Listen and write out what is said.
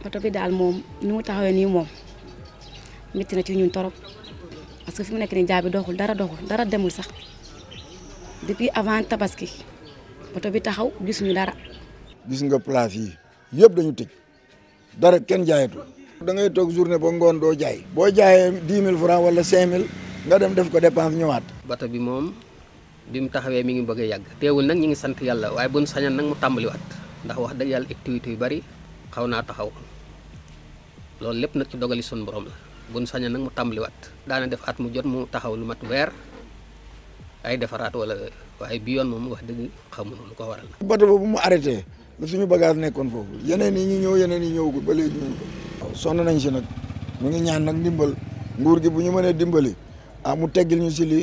oto bi daal moom ni mu taxawee nii moom métti na ci ñun torop parce que fu mu nekk nii jaabi doxul dara doxul dara demul sax depuis avant tabaski oto bi taxaw gisuñu dara. gis nga place yi yëpp dañu tëj dara kenn jaayatul. da ngay toog journée ba ngoon doo jaay. boo jaayee dix mille francs wala cinq mille nga dem def ko dépense ñëwaat. bato bi moom bi mu taxawee mi ngi bëgg a yàgg. teewul nag ñu ngi sant yàlla waaye bu nu sañoon nag mu tàmbaliwaat ndax wax dëgg yàlla yu bari. xaw naa taxaw loolu lépp nag ci dogali sun boroom la buñ saña nag mu tàmbaliwaat daana def at mu jot mu taxaw lu mat weer ay defaraat wala waaye bi yoon moom wax dëgg xamuñu lu ko waral la bato boobu mu arrêté la suñu bagage nekkoon foofu yeneen yi ñu ñëw yeneen yi ñëw ko ba léegi ñu sonn nañ si nag ñu ngi ñaan nag ndimbal nguur gi bu ñu mënee dimbali ah teggil ñu si lii